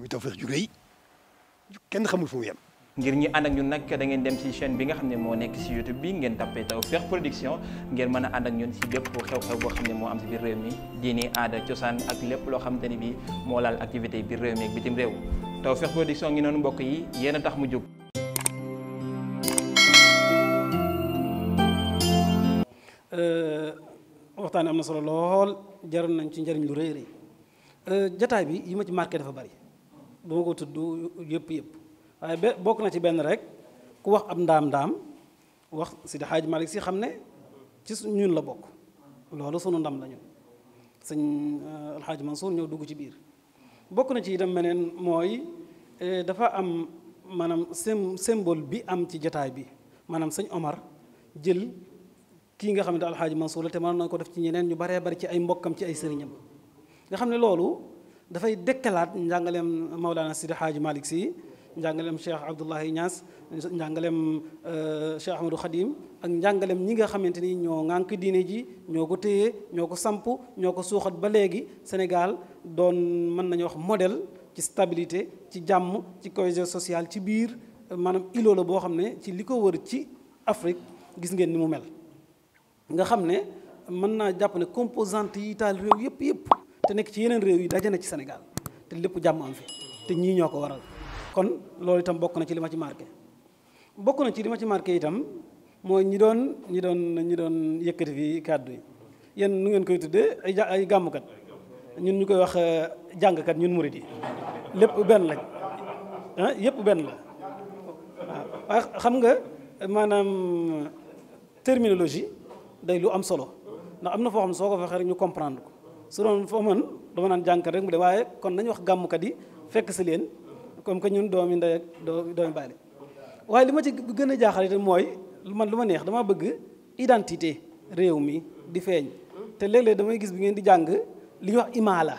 muy Tawfekh ju rëy kenn xamul foofu mu ngir ñi ànd ak ñun nag da ngeen dem ci chaîne bi nga xam ne moo nekk ci YouTube bi ngeen tàppee Tawfekh Production ngeen mën a ànd ak ñun ci bépp xew-xew boo xam ne moo am ci biir réew mi diini aada cosaan ak lépp loo xamante ni bi moo laal activité biir réew mi ak bitim réew taw Tawfekh Production ngi noonu mbokk yi yéen tax mu jóg. Euh, waxtaan am na solo lool jaroon nañ ci njëriñ lu rëy rëy euh, jotaay bi yi ma ci marqué dafa bari. duma ko tudd yëpp yëpp waaye be bokk na ci benn rek ku wax ab ndaam-ndaam wax Xaaj Malik Si xam ne ci ñun la bokk loolu sunu ndam la ñun sëñ euh, Alxaaj Mansour ñëw dugg ci biir bokk na ci itam meneen mooy eh, dafa am maanaam symbole bi am ci jataay bi maanaam sëñ Omar jël kii nga xam ne Alxaaj Mansour la te mënoon na ko def ci ñeneen ñu baree bari ci ay mbokkam ci ay sëriñam nga xam ne loolu dafay dëkkalaat njàngaleem Maulana Sidi Hadj Malick si njàngaleem Cheikh Abdoulahi Niass njàngaleem euh, Cheikh Ahmadou Khadim ak njàngaleem ñi nga xamante ni ñoo ŋànk diine ji ñoo ko téye ñoo ko samp ñoo ko suuxat ba léegi Sénégal doon mën nañu wax modèle ci stabilité ci jàmm ci cohésion sociale ci biir maanaam îlot boo xam ne ci li ko wër ci Afrique gis ngeen ni mu mel nga xam ne mën naa jàpp ne composante yi taal réew yëpp yëpp te nekk ci yeneen réew yi daje na ci Sénégal te lépp jàmm am fi te ñii ñoo ko waral kon loolu itam bokk na ci li ma ci marqué bokk na ci li ma ci marqué itam mooy ñi doon ñi doon ñi doon yëkkati fii kàddu yi yéen nu ngeen koy tuddee ay ay gàmmkat ñun ñu koy wax euh, jàngkat ñun murid yi lépp benn lañ ah yëpp benn la waa ah, ah, xam nga maanaam terminologie day lu am solo ndax am na foo xam soo ko fexee rek ñu comprendre ko su doon foo mën dama naan jàngkat rek mu de waaye kon nañu wax gàmmkat yi fekk si leen comme que ñun doomi ndey ak doomi baay waaye li ma ci gën a jaaxal itam mooy man lu ma neex dama bëgg identité réew mi di feeñ te léeg-léeg damay gis bi ngeen di jàng li ñuy wax imaala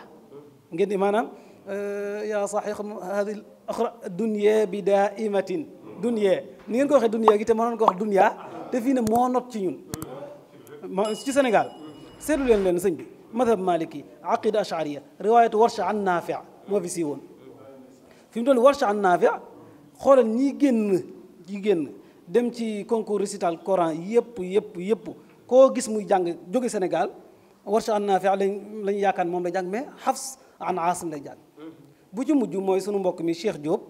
ngeen di maanaam euh, yaa saxiq hadi axra dunya bi daa imatin dunya ni ngeen ko waxee dunya gi te mënoon ko wax dunya te fii ne moo not ci ñun ci Sénégal seetlu leen leen sëñ bi madhab maliki aqida ashariya riwayatu warsha an naafi moo fi sii woon fi mu toll warsha an naafi xoolal ñi génn ñi génn dem ci concours récital coran yëpp yëpp yëpp koo gis muy jàng jóge Sénégal warsha an naafi lañ lañ yaakaar moom la jàng mais Hafs an Asim lay jàng bu ci mujj mooy sunu mbokk mi Cheikh Diop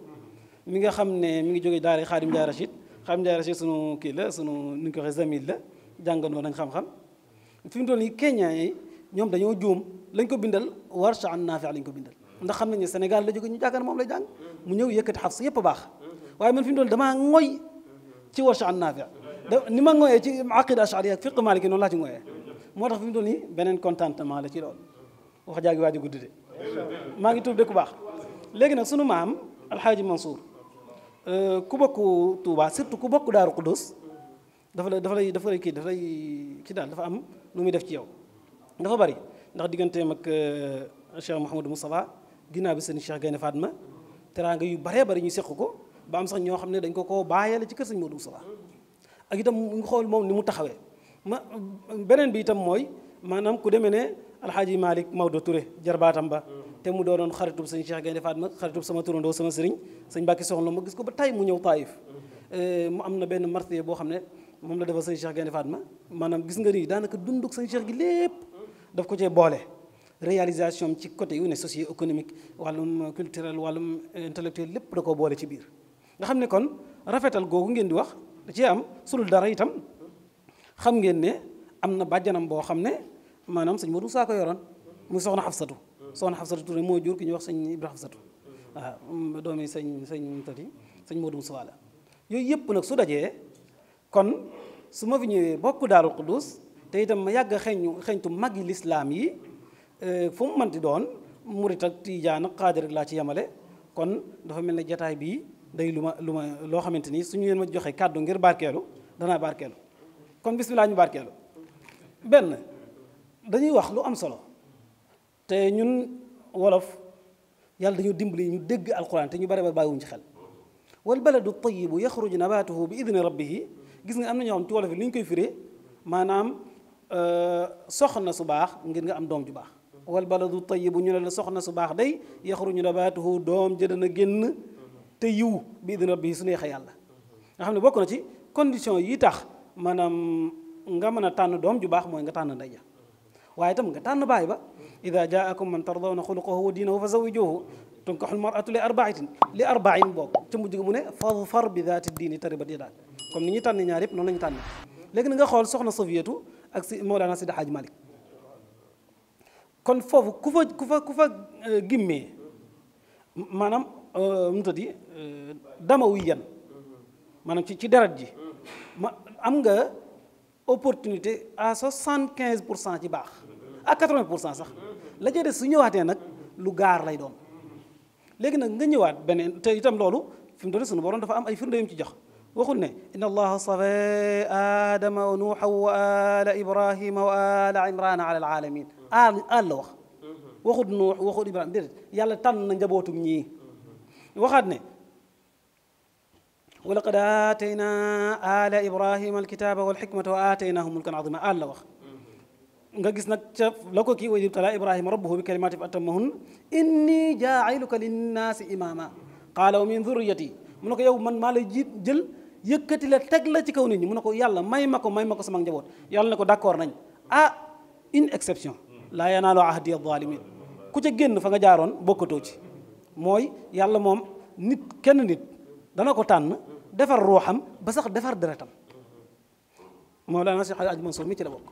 mi nga xam ne mi ngi jóge daara Xaadim Njaay Rachid Xaadim Njaay Rachid sunu kii la sunu nu ñu ko waxee zamil la jàngandoo nañ xam-xam fi mu ñoom dañoo juum lañ ko bindal warsh an naafi lañ ko bindal ndax xam nañu Sénégal la jóge ñu jàkkaar moom la jàng mu ñëw yëkkati xafs yëpp baax waaye man fi mu doon damaa ngoy ci warsh an naafi ni ma ngooyee ci aqida ashariya ak fiq maliki noonu laa ci ngooyee moo tax fi mu doon nii beneen contentement la ci loolu wax jaagi waa ji gudd de maa ngi tuub dëkk baax léegi nag sunu maam alxaaji Mansour euh, ku bokk Touba surtout ku bokk Daaru Qudus dafa la dafa lay dafa lay kii dafa lay kii daal dafa am lu muy def ci yow dafa bari ndax digganteem ak euh, Cheikh Mouhamadou Moustapha ginnaaw bi sëñ Cheikh Gaynde Fatma teraanga yu baree bari ñu seq ko ba am sax ñoo xam ne dañ ko koo la ci kër sëñ Modou Moustapha ak itam nga xool moom ni mu taxawee ma beneen bi itam mooy maanaam ku demee ne alxaaji Malick Maodo Touré jarbaatam ba te mu doo doon doonoon xaritub sëñ Cheikh Gaynde Fatma xaritub sama turandoo sama sëriñ sëñ Mbàkke soxna ma gis ko ba tay mu ñëw Taïf euh, mu a na benn marché boo xam ne moom la defal sëñ Cheikh Gaynde Fatma maanaam gis nga nii daanaka dunduk sëñ Cheikh daf ko cee boole réalisation ci côté yu ne socio-économique wàllum culturel wàllum intellectuel lépp da ko boole ci biir nga xam ne kon rafetal googu ngeen di wax da cee am sulul dara itam xam ngeen ne am na bàjjanam boo xam ne maanaam sëñ Modou saa ko mu soxna Xafsatu soxna Xafsatu Touré moo jur ki ñuy wax sëñ Ibra Xafsatu waaw mm, doomi sëñ sëñ tati sëñ Modou Suwaala yooyu yëpp nag su dajee kon su ma fi ñëwee bokk Daarul Quddus te itam ma yàgg a xeñu mag magi lislaam yi e, fu mu mënti doon murit ak tiijaan ak laa ci yamale kon dafa mel ne jataay bii day lu ma lu ma loo xamante ni suñu leen ma joxe kàddu ngir barkeelu danaa barkeelu kon bismillah ñu barkeelu benn dañuy wax lu am solo te ñun wolof yàlla dañu dimbali ñu dégg alquran te ñu bare bare bàyyiwuñ ci xel wal baladu tayibu yaxruju nabatuhu bi idni rabbihi gis nga am na ñoo xam ci wolof yi li ñu koy firee maanaam Euh, soxna su baax ngir nga am doom ju baax wal baladu bu ñu ne la soxna su baax day yaxruju nabaatuhu doom ja dana génn te yiw bi idni rabbi su neexee yàlla nga xam ne bokk na ci condition yi tax maanaam nga mën a tànn doom ju baax mooy nga tànn ndey ja waaye itam nga tànn baay ba ida jaakum man tardawna xuluqahu wa diinahu fa zawijuhu tunkaxul maratu li arbaatin li arbain boobu ca mujj gi mu ne fa bi daati diini taribat yi daal comme ni ñuy tànn ñaar yëpp la ñu tànn léegi na nga xool soxna Safiyatu ak si Mawlana Seydi Hadji Malick kon foofu ku fa ku fa ku fa euh, gimmee maanaam euh, mu tëddi euh, dama wuy yan maanaam ci ci deret ji ma am nga opportunité à soixante quinze pour cent ci baax à quatre vingt pour cent sax la jëlee su ñëwaatee nag lu gaar lay doon léegi nag nga ñëwaat beneen te itam loolu fi mu doon sunu borom dafa am ay firnde yu ci jox. waxul ne inna allaha safa aadama wa nuuxa wa ala ibrahima wa ala imrana ala alaalamin aal aal la wax waxut nuux waxut ibrahima déedéet yàlla tànn na njabootum ñii waxaat ne wa laqad aatayna ala ibrahima alkitaba walxikmata wa aataynahum mulkan azima aal la wax nga gis nag ca la ko kii wa ibtala ibrahima rabbuhu bi kalimatin fa atammahunna inni jaa'iluka linnaasi imama qaala wa min dhurriyati mu ne ko yow man maa lay jiit jël yëkkati la teg la ci kaw nit ñi mu ne ko yàlla may ma ko may ma ko sama njaboot yàlla ne ko d'accord nañ a ah, une exception laa yanaalu ahdi zalimin ku ca génn fa nga jaaroon bokkatoo ci mooy yàlla moom nit kenn nit dana ko tànn defar ruuxam ba sax defar deretam moo laa na si Hadj Mansour mi ci la bokk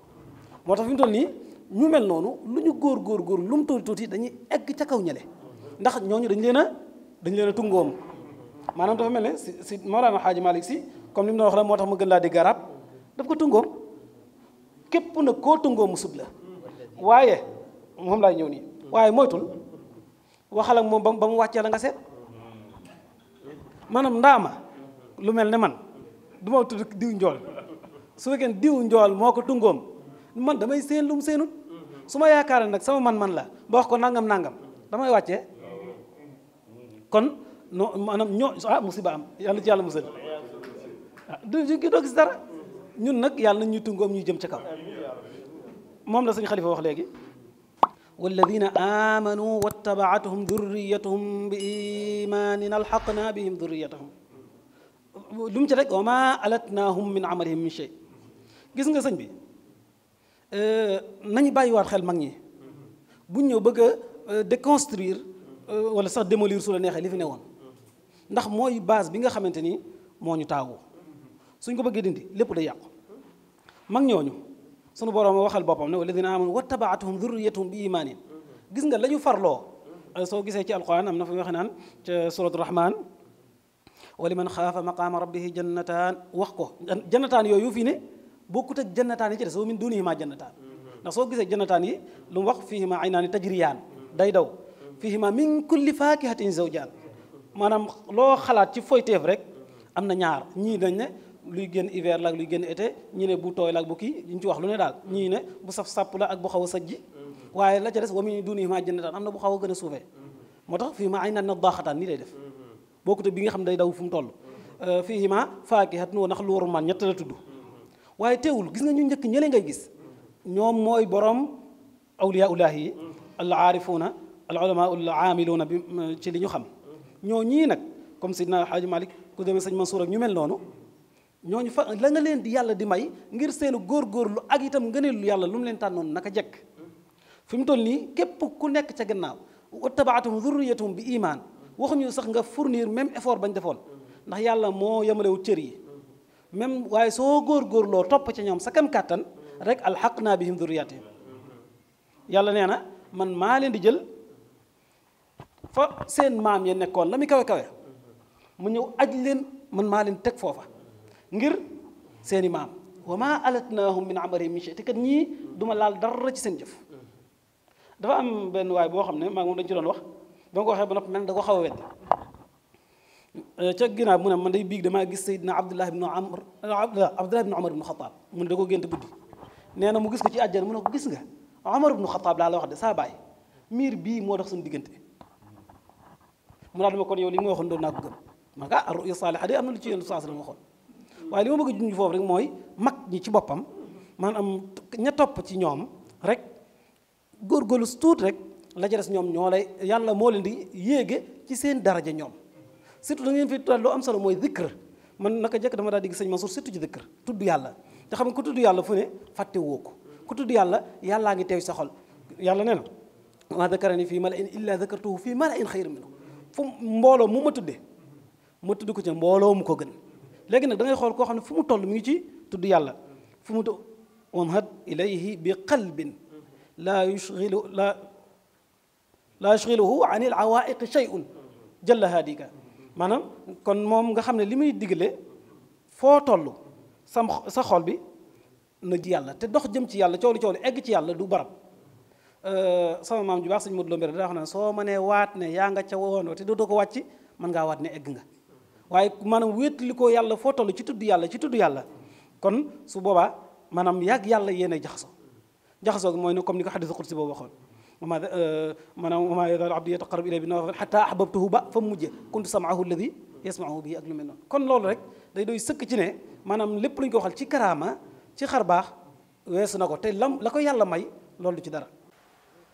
moo tax fi mu toll nii ñu mel noonu lu ñu góor góor góor lu mu tuuti tuuti dañuy egg ca kaw ñele ndax ñooñu dañ leen a dañ leen a tungoom maanaam dafa mel ne si si Mawlana Xaaji Malick si comme ni mu doon wax la moo tax ma gën laa di garab daf ko tungoom képp na koo mu sub waaye moom laay ñëw nii waaye moytul waxal moom ba mu wàccee la nga seet maanaam ndaama lu mel ne man du ma diw njool su fekkee diw njool moo ko tungoom man damay seen lu mu seenut su ma yaakaaree nag sama man-man la ba wax ko nangam nangam damay wàcce kon non maanaam ño ah musiba am yàlla ci yàlla musal ah, du doo gis dara ñun nag yàlla nañ ñu tungoom ñu jëm ca kaw moom la suñu xalifa wax léegi walladina amanu wattabaatuhum durriyatuhum bi imanin alxaqna bihim durriyatahum lu mu ci rek wa ma alatnaahum min amalihim min shay nga sëñ bi eh, nañu bàyyi waat xel mag ñi buñ ñëw bëgg a eh, déconstruire eh, sax démolir su la neexee li fi ne woon ndax mooy base bi nga xamante ni moo ñu taawu suñ ko bëggee dindi lépp day yàqu mag ñooñu sunu borom waxal boppam ne walladina amanu wattabaatuhum dhurriyatuhum bi imaanin gis nga la ñu farloo euh, soo gisee ci alquran am na fu ñu waxe naan ca suratu rahman wa liman xaafa maqaama rabbihi jannataan wax ko jannataan yooyu fii ne bokkut ak jannataan yi ci des wa min dunihima jannataan ndax soo gisee jannataan yi lu mu wax fihima aynaani tajriyaan day daw fihima min kulli faakihatin zawjaan maanaam loo xalaat ci foyteef rek am na ñaar ñii dañ ne luy génn hiver la ak luy génn été ñii ne bu tooy la bu kii ñu ci wax lu ne daal ñii ne bu saf sàpp la ak bu xaw a sajji waaye la ca des wa a duunihimaa jannataan am na bu xaw a gën a suufee moo tax fii ma ay naan na daaxataan nii lay def bokkute bi nga xam ne day daw fu mu toll euh, fii ma faakihatun wa naxlun wa rummaan ñett la tudd waaye teewul gis nga ñu njëkk ñële ngay gis ñoom mooy borom awliyaa ullaahi yi al aarifuuna al ulamaa ci li ñu xam ñoo ñii nag comme Seydina Haaji Malick ku demee sëñ Mansour ak ñu mel noonu ñoo ñu fa la nga leen di yàlla di may ngir seenu góorgóorlu ak itam ngëneelu yàlla lu mu leen tànnoon naka jekk fi mu toll nii képp ku nekk ca gannaaw wattabaatuhum zurriyatuhum bi imaan waxuñu sax nga fournir même effort bañ defoon ndax yàlla moo yemalewu cër yi même waaye soo góor góorgóorloo topp ca ñoom sa kam kàttan rek alxaq naa bihim zurriyatihim yàlla nee na man maa leen di jël fa seen maam ya nekkoon la mi kawe kawe mu ñëw aj leen man maa leen teg foofa ngir seeni maam wa maa alatnaahum min amalihim min shay te kat ñii duma laal dara ci seen jëf dafa am benn waay boo xam ne maa moom dañu ci doon wax ba nga ko waxee ba noppi da ko xaw a weddi eh, ca ginnaaw mu ne ma day biig dama gis Seydina Abdullah ibn Amr Abdullah ibn Omar ibn Xataab mu ne da ko gént guddi nee na mu gis ko ci àjjana mu ne ko gis nga Omar ibn Xataab laa la wax de saa baay miir bii moo dox suñu diggante mu daal dama kon yow li nga waxoon doon naa ko gëm ma nga ah, ar ruya saaliha de am na lu ci yéen saa la waxoon waaye li ma bëgg a junj foofu rek mooy mag ñi ci boppam maanaam ña topp ci ñoom rek góor góorgóorlu tuut rek la ca des ñoom ñoo lay yàlla moo leen di yéege ci seen daraja ñoom surtout da ngeen fi tuddal loo am solo mooy zikr man naka jëkk dama daal di gis sëñ Mansour surtout ci zikr tudd yàlla te xam nga ku tudd yàlla fu ne fàtte woo ko ku tudd yàlla yàllaa ngi teew sa xol yàlla nee na maa dakarani fii mala in illa dakartuhu fii mala in xayr minhu fu mbooloo mu ma tuddee ma tudd ko ci mbooloo mu ko gën léegi nag da xool koo xam ne fu mu toll mi ngi ci tudd yàlla fu mu to wamhad ilayhi bi qalbin laa yushghilu laa laa yushghiluhu an il awaiqi shay'un jalla maanaam kon moom nga xam ne li muy digle foo toll sam sa xol bi na ji yàlla te dox jëm ci yàlla coow li coow egg ci yàlla du barab Euh, sama maam ju baax sëñ Modou Lo Mbéré daa wax ne soo mënee waat ne yaa nga ca woon wa te dootoo ko wàcc mën ngaa waat ne egg nga waaye maanaam wéetali ko yàlla foo toll ci tudd yàlla ci tudd yàlla kon su boobaa maanaam yàgg yàlla yéen a jaxasoo jaxasoo mooy ne comme ni ko xadisu xudsi boobu waxoon ma euh, maanaam wama yadalu abdi yataqarab ilay bi nawafil xata ahbabtuhu ba fa mujje kuntu samaahu alladi yasmaahu bi ak lu mel noonu kon loolu rek day doy sëkk ci ne maanaam lépp lu ñu ko waxal ci karaama ci xar baax weesu na ko te lam la ko yàlla may loolu du ci dara